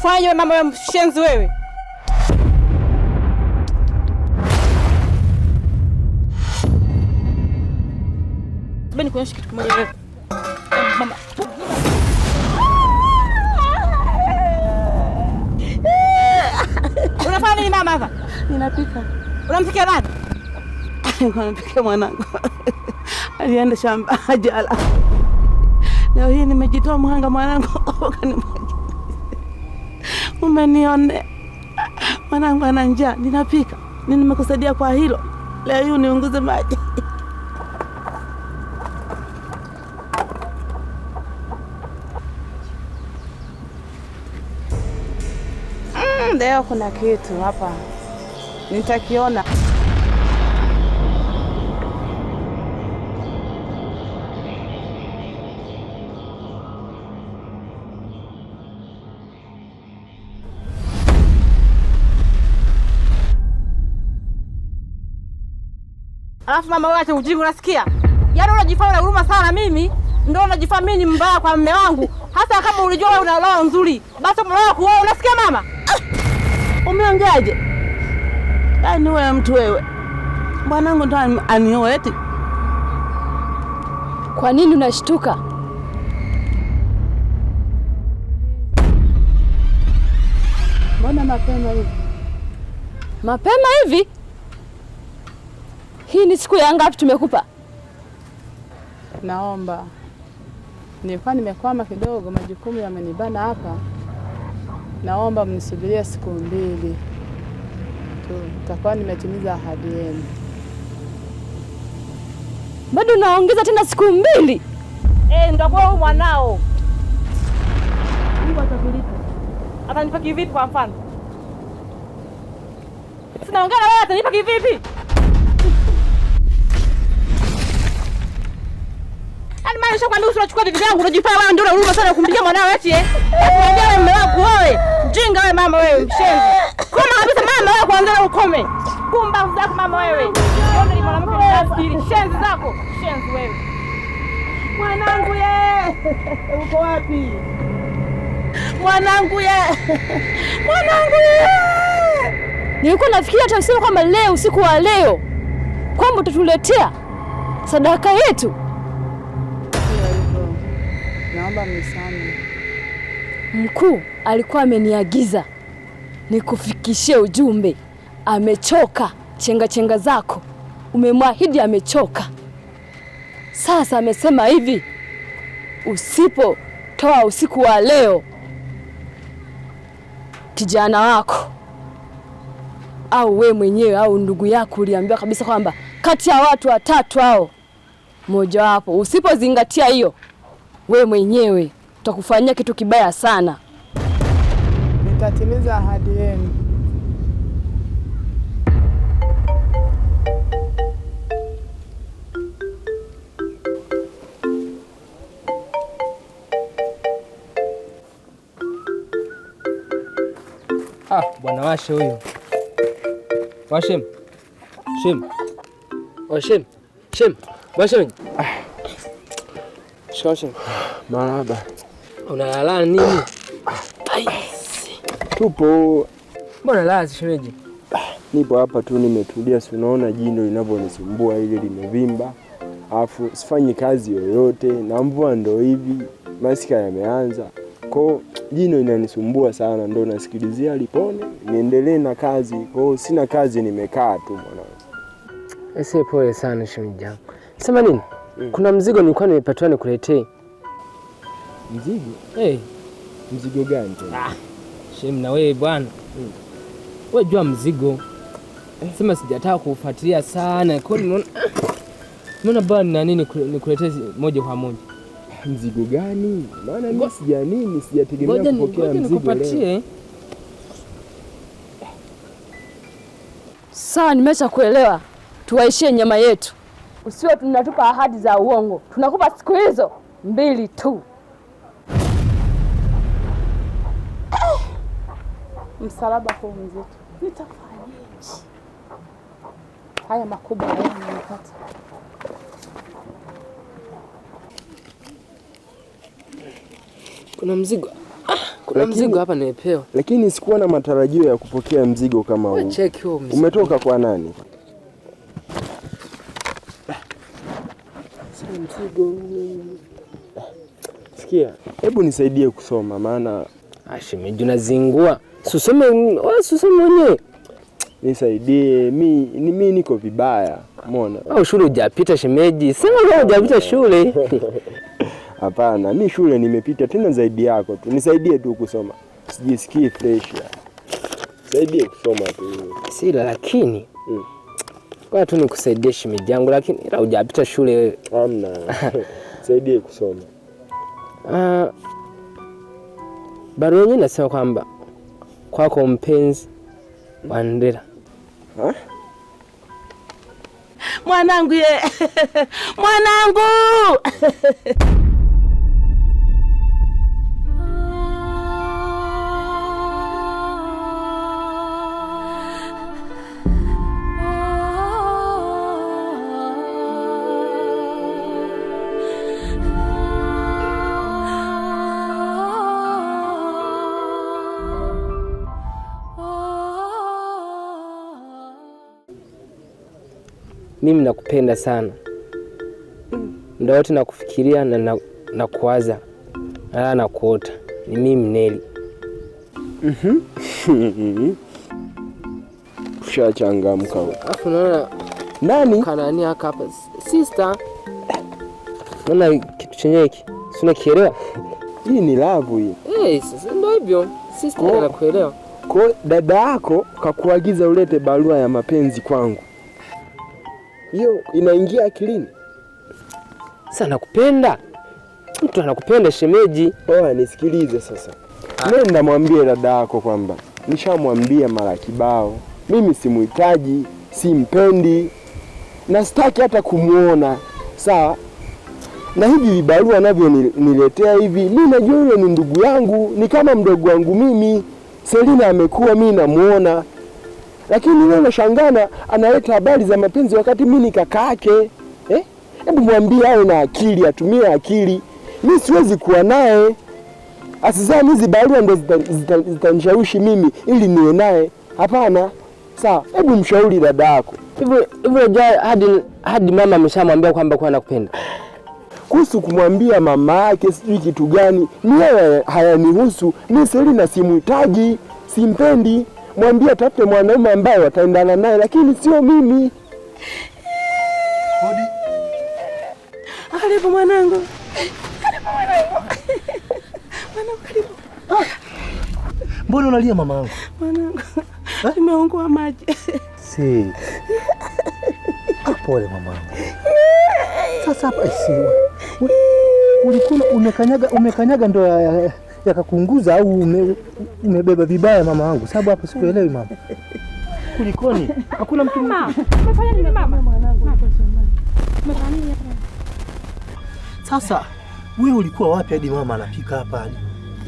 kufanya wewe mama, wewe mshenzi wewe. Nikuonyeshe kitu kimoja wewe. Mama. Unafanya nini mama hapa? Ninapika. Unampikia nani? Nampikia mwanangu. Alienda shamba ajala. Leo hii nimejitoa mhanga mwanangu. umenionea mwanangu ana njaa, ninapika ni nimekusaidia kwa hilo leo, hii uniunguze maji mm, leo kuna kitu hapa nitakiona. Alafu mama wewe acha ujinga unasikia? Yaani unajifanya una huruma sana mimi. Ndio unajifanya mimi ni mbaya kwa mume wangu. Hasa kama ulijua wewe una roho nzuri. Basi mume wako wewe unasikia mama? Umeongeaje? Yaani wewe mtu wewe. Bwanangu ndo anioe eti. Kwa nini unashtuka? Mbona mapema hivi? Mapema hivi? Hii ni siku ya ngapi tumekupa? Naomba, nilikuwa nimekwama kidogo, majukumu yamenibana hapa. Naomba mnisubirie siku mbili tu, nitakuwa nimetimiza ahadi yenu. Bado naongeza tena siku mbili? Eh, ndakuwa huyu mwanao atanipa kivipi? Kwa mfano sinaongea na wewe, atanipa kivipi? maisha kwambia usichukua vitu vyangu unajipaa wewe ndio unaruma sana kumpigia mwanao eti eh. Unajua wewe mume wako wewe. Mjinga wewe mama wewe mshenzi. Koma kabisa mama wewe kuangalia ukome. Kumba zako mama wewe. Ndio ni mwanamke mtafsiri. Shenzi zako. Shenzi wewe. Mwanangu ye. Uko wapi? Mwanangu ye. Mwanangu ye. Nilikuwa nafikiria hata usema kwamba leo usiku wa leo kwamba utatuletea sadaka yetu Naomba msamaha. Mkuu alikuwa ameniagiza nikufikishie ujumbe. Amechoka chenga chenga zako, umemwahidi amechoka. Sasa amesema hivi, usipotoa usiku wa leo kijana wako au we mwenyewe au ndugu yako, uliambiwa kabisa kwamba kati ya watu watatu hao mmoja wapo, usipozingatia hiyo we mwenyewe utakufanyia kitu kibaya sana. Nitatimiza ahadi yenu. Ah, bwana Washe huyo. Washem. Shem. Washem. Oh, Shem. Washem. Shoshe. Maraba. Unalala nini? Tupo. Mbona lazi shemeji? Nipo hapa tu nimetulia, si unaona jino linavyonisumbua ile limevimba. Alafu sifanyi kazi yoyote na mvua ndo hivi masika yameanza. Kwao jino inanisumbua sana, ndo nasikilizia lipone niendelee na kazi. hiyo sina kazi, nimekaa tu mwanangu. Ese, pole sana shemeji yangu. Sema nini? Eh. Kuna mzigo nilikuwa nimepatiwa nikuletee. Mzigo? Hey, eh. mzigo gani tena? Ah, shem na wewe bwana hmm. Wewe jua mzigo eh. Sema sijataka kufuatilia sana kwa nimeona Mbona bwana na nini nikuletee moja kwa moja. Mzigo gani? Maana mimi sija nini, sijategemea kupokea mzigo leo. Sawa, nimesha kuelewa. Tuwaishie nyama yetu usiwe tunatupa ahadi za uongo. Tunakupa siku hizo mbili tu. Msalaba huu mzito nitafanyaje? Haya makubwa nimepata. Kuna mzigo ah, kuna lakini, mzigo hapa nimepewa, lakini sikuwa na matarajio ya kupokea mzigo kama huu. umetoka kwa nani? mzigo. Sikia, hebu nisaidie kusoma, maana ah, shemeji unazingua. Susome wenyewe, nisaidie mi, ni mi niko vibaya, umeona au shule hujapita? Shemeji sema kama hujapita shule. Hapana, mi shule nimepita, tena zaidi yako tu. Nisaidie tu kusoma, sijisikii fresh. Saidie kusoma tu, sila lakini mm. Kwa tu nikusaidie shimeji yangu, lakini ila hujapita shule wewe. Amna, Saidie kusoma. Uh, barua yenyewe nasema kwamba kwako mpenzi wa Ndera. Mwanangu ye. Mwanangu. mimi nakupenda sana muda wote nakufikiria na nakuwaza na ala nakuota. Ni mimi Neli. Mhm. Ushachangamka alafu naona nani kanani hapa sister, naona kitu chenye hiki sinakielewa Hii ni lavu hii. Eh, sasa ndio hivyo sister, nakuelewa. Kwa dada yako kakuagiza ulete barua ya mapenzi kwangu hiyo inaingia akilini sana. Nakupenda mtu anakupenda shemeji. Oya, nisikilize sasa, nenda mwambie dada yako kwamba nishamwambia mara kibao, mimi simuhitaji, simpendi na sitaki hata kumwona, sawa na hivi vibarua niletea hivi, mi najua huyo ni ndugu yangu, ni kama mdogo wangu mimi. Selina amekuwa, mi namwona lakini wewe unashangana analeta habari za mapenzi wakati mimi ni kaka yake. Eh? Hebu mwambie awe na akili, atumie akili. Mimi siwezi kuwa naye, asizani hizi barua ndo zitanishawishi mimi ili niwe naye. Hapana, sawa. Hebu mshauri dada yako hivyo hivyo, hadi hadi mama ameshamwambia kwamba kwa anakupenda kuhusu kumwambia mama yake sijui kitu gani, mimi hayanihusu. Mimi Selina simhitaji, simpendi mwambie atafute mwanaume ambaye wataendana naye, lakini sio mimi. Karibu mwanangu, karibu mwanangu, mwanangu, karibu. Ah! Mbona unalia mama mamaangu? Mwanangu eh? nimeungua maji. Si ah, pole mamaangu. Sasa hapa si ulikuwa umekanyaga, umekanyaga ndoa yakakunguza au ume, umebeba vibaya mama wangu? Sababu hapo sikuelewi mama, kulikoni? Hakuna mtu sasa wewe ulikuwa wapi hadi mama anapika hapa hadi?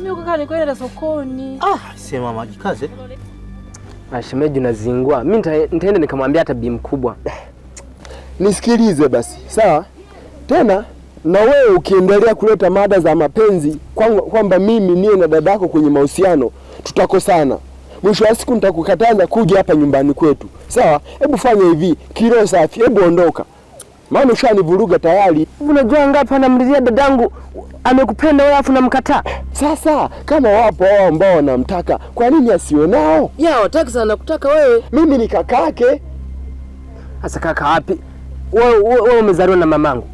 Mimi kaka nikaenda sokoni. Ah, sema maji kaze. Na ah, shemeji unazingua. Mimi nitaenda nikamwambia hata bi mkubwa. Nisikilize basi. Sawa? Tena na wewe ukiendelea kuleta mada za mapenzi kwamba kwa mimi niwe na dadako kwenye mahusiano, tutakosana. Mwisho wa siku nitakukataza kuja hapa nyumbani kwetu, sawa? Hebu fanya hivi, kiroho safi, hebu ondoka, maana ushanivuruga tayari. Unajua ngapi anamridhia dadangu, amekupenda wewe afu namkataa. Sasa kama wapo wao ambao wanamtaka, kwa nini asiwe nao? Ya wataki sana kutaka wewe. Mimi ni kakake. Sasa kaka wapi wewe? Umezaliwa na mamangu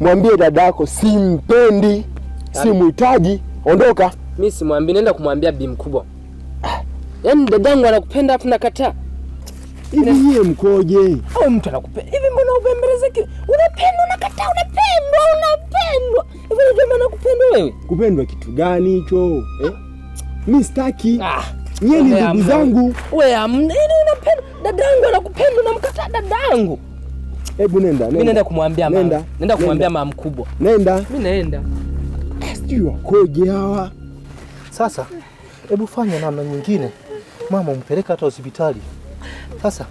mwambie dada yako simpendi, yaani? simuhitaji, ondoka. Mi simwambi, naenda kumwambia bi mkubwa. Yaani dadangu anakupenda afu nakataa. Hivi yaani? yeye mkoje? Au mtu anakupenda hivi, mbona upembelezeki? Unapendwa, nakata, unapendwa, unapendwa hivi, ndio maana kupendwa wewe. Kupendwa kitu gani hicho eh? Mi sitaki ah. Nyie ni ndugu zangu. Wewe amni, yaani unapenda dadangu, anakupenda, na mkata dadangu. Hebu nenda, nenda. Mimi naenda kumwambia mama. Nenda, nenda kumwambia mama mkubwa. Nenda. Mimi naenda. Ah, sijui wakoje hawa. Sasa hebu fanya namna nyingine, mama umpeleka hata hospitali. Sasa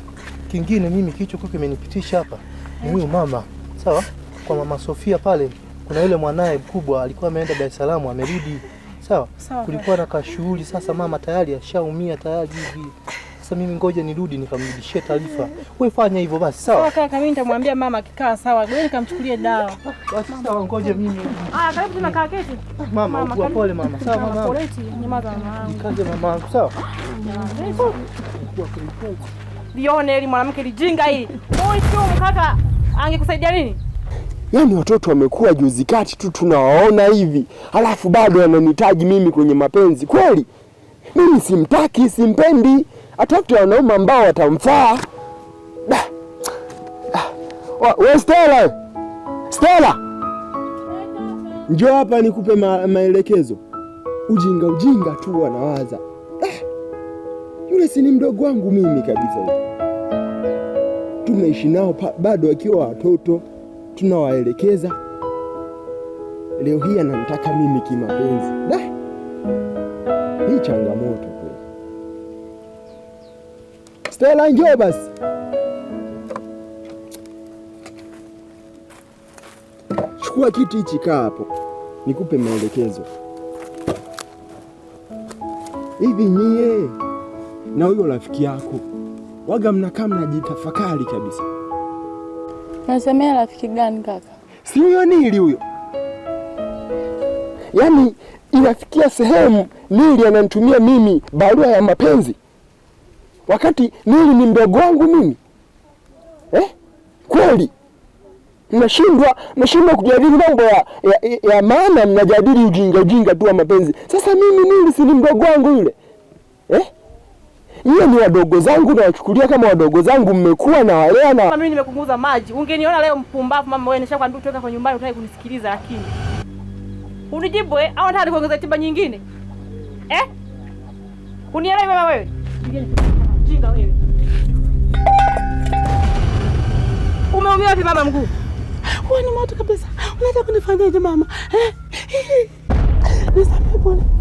kingine mimi kicho kwa kimenipitisha hapa ni huyu mama, sawa? Kwa mama Sofia pale kuna yule mwanaye mkubwa alikuwa ameenda Dar es Salaam, amerudi sawa? Kulikuwa na kashughuli. Sasa mama tayari ashaumia tayari hivi sasa mimi ngoja nirudi nikamrudishie taarifa. Wewe fanya hivyo basi, sawa? Sawa kaka, mimi nitamwambia mama akikaa sawa, ngoja nikamchukulie dawa. Basi sawa, ngoja mimi. Ah, karibu tena kaka kesi. Mama, kwa pole mama. Sawa mama. Pole eti, nyamaza mama. Kaje mama yangu, sawa? Lione hili mwanamke lijinga hili. Boy tu kaka angekusaidia nini? Yaani watoto wamekuwa juzi kati tu tunawaona hivi, alafu bado wananihitaji mimi kwenye mapenzi kweli? Mimi simtaki, simpendi atafute wanaume ambao watamfaa. Ah. We Stella, Stella, njoo hapa nikupe ma maelekezo. Ujinga ujinga tu wanawaza. Eh. Yule si ni mdogo wangu mimi kabisa, tumeishi nao bado wakiwa watoto, tunawaelekeza. Leo hii anamtaka mimi kimapenzi. Hii changamoto Stella, njoo basi. Chukua kiti hichi, kaa hapo nikupe maelekezo. Hivi nyie na huyo rafiki yako waga mnakaa mnajitafakari kabisa. Nasemea rafiki gani kaka? Si huyo Nili huyo, yaani inafikia sehemu Nili ananitumia mimi barua ya mapenzi wakati Nili ni mdogo wangu mimi eh? Kweli mnashindwa mnashindwa kujadili mambo ya, ya, ya maana, mnajadili ujinga ujinga tu wa mapenzi. Sasa mimi Nili si ni mdogo wangu yule eh? Hiyo ni wadogo zangu, nawachukulia kama wadogo zangu, mmekuwa na walea na mimi nimekunguza maji. Ungeniona leo mpumbavu mama wewe, nishakwambia utoka kwa nyumbani, utaki kunisikiliza, lakini unijibu eh, au nataka kuongeza tiba nyingine eh? Unielewa mama wewe mjinga wewe. Umeumia vipi mama mguu? Huwa ni moto kabisa. Unataka kunifanyaje mama? Eh? Nisamehe bwana.